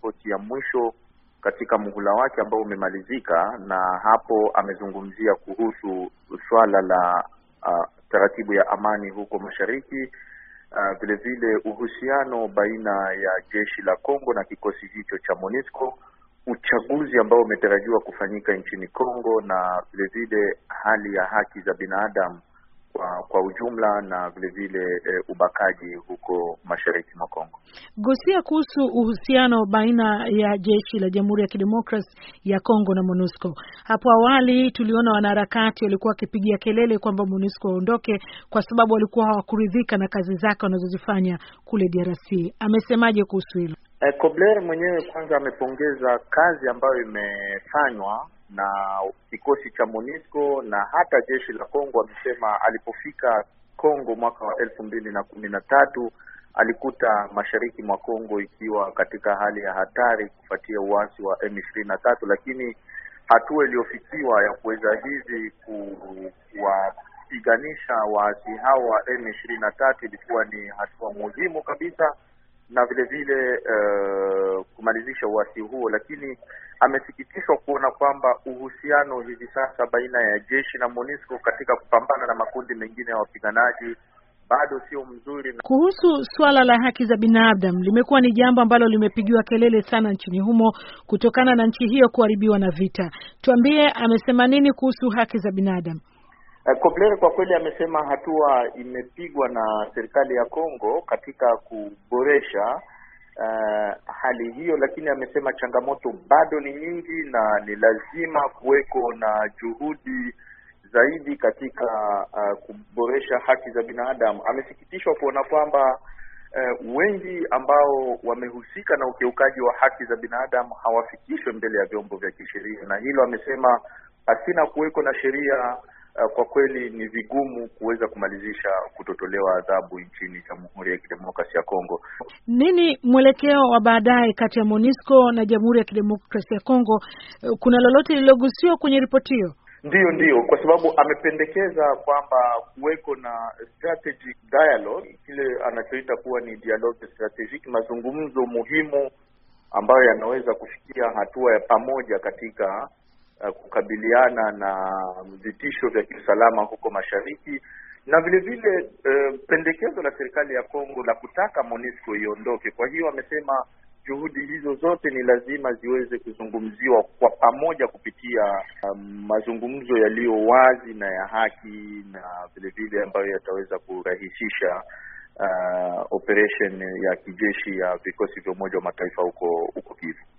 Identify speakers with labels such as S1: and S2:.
S1: ripoti ya mwisho katika muhula wake ambao umemalizika, na hapo amezungumzia kuhusu swala la uh, taratibu ya amani huko mashariki vilevile uh, uhusiano baina ya jeshi la Kongo na kikosi hicho cha MONUSCO, uchaguzi ambao umetarajiwa kufanyika nchini Kongo, na vilevile hali ya haki za binadamu kwa, kwa ujumla na vile vile e, ubakaji huko mashariki mwa Kongo.
S2: Gusia kuhusu uhusiano baina ya jeshi la Jamhuri ya Kidemokrasi ya Kongo na MONUSCO. Hapo awali tuliona wanaharakati walikuwa wakipigia kelele kwamba MONUSCO waondoke kwa sababu walikuwa hawakuridhika na kazi zake wanazozifanya kule DRC. Amesemaje kuhusu hilo?
S1: E, Kobler mwenyewe kwanza amepongeza kazi ambayo imefanywa na kikosi cha MONUSCO na hata jeshi la Kongo. amesema alipofika Kongo mwaka wa elfu mbili na kumi na tatu alikuta mashariki mwa Kongo ikiwa katika hali ya hatari kufuatia uasi wa M23, lakini hatua iliyofikiwa ya kuweza hivi kuwapiganisha waasi hao wa M23 ilikuwa ni hatua muhimu kabisa na vile vile uh, kumalizisha uasi huo, lakini amesikitishwa kuona kwamba uhusiano hivi sasa baina ya jeshi na MONUSCO katika kupambana na makundi mengine ya wapiganaji bado
S2: sio mzuri. Na kuhusu suala la haki za binadamu limekuwa ni jambo ambalo limepigiwa kelele sana nchini humo kutokana na nchi hiyo kuharibiwa na vita. Tuambie, amesema nini kuhusu haki za binadamu?
S1: Eh, Koblere kwa kweli amesema hatua imepigwa na serikali ya Kongo katika kuboresha uh, hali hiyo, lakini amesema changamoto bado ni nyingi na ni lazima kuweko na juhudi zaidi katika uh, kuboresha haki za binadamu. Amesikitishwa kuona kwamba uh, wengi ambao wamehusika na ukiukaji wa haki za binadamu hawafikishwe mbele ya vyombo vya kisheria, na hilo amesema pasina kuweko na sheria Eh, kwa kweli ni vigumu kuweza kumalizisha kutotolewa adhabu nchini Jamhuri ya Kidemokrasia ya Kongo.
S2: Nini mwelekeo wa baadaye kati ya MONUSCO na Jamhuri ya Kidemokrasia ya Kongo? Eh, kuna lolote lililogusiwa kwenye ripoti hiyo? Ndiyo, ndiyo,
S1: kwa sababu amependekeza kwamba kuweko na strategic dialogue, kile anachoita kuwa ni dialogue strategic, mazungumzo muhimu ambayo yanaweza kufikia hatua ya pamoja katika Uh, kukabiliana na vitisho vya kiusalama huko mashariki na vile vile eh, pendekezo la serikali ya Kongo la kutaka MONUSCO iondoke. Kwa hiyo amesema juhudi hizo zote ni lazima ziweze kuzungumziwa kwa pamoja kupitia um, mazungumzo yaliyo wazi na ya haki na vile vile ambayo yataweza kurahisisha uh, operation ya kijeshi ya vikosi vya Umoja wa Mataifa huko huko Kivu.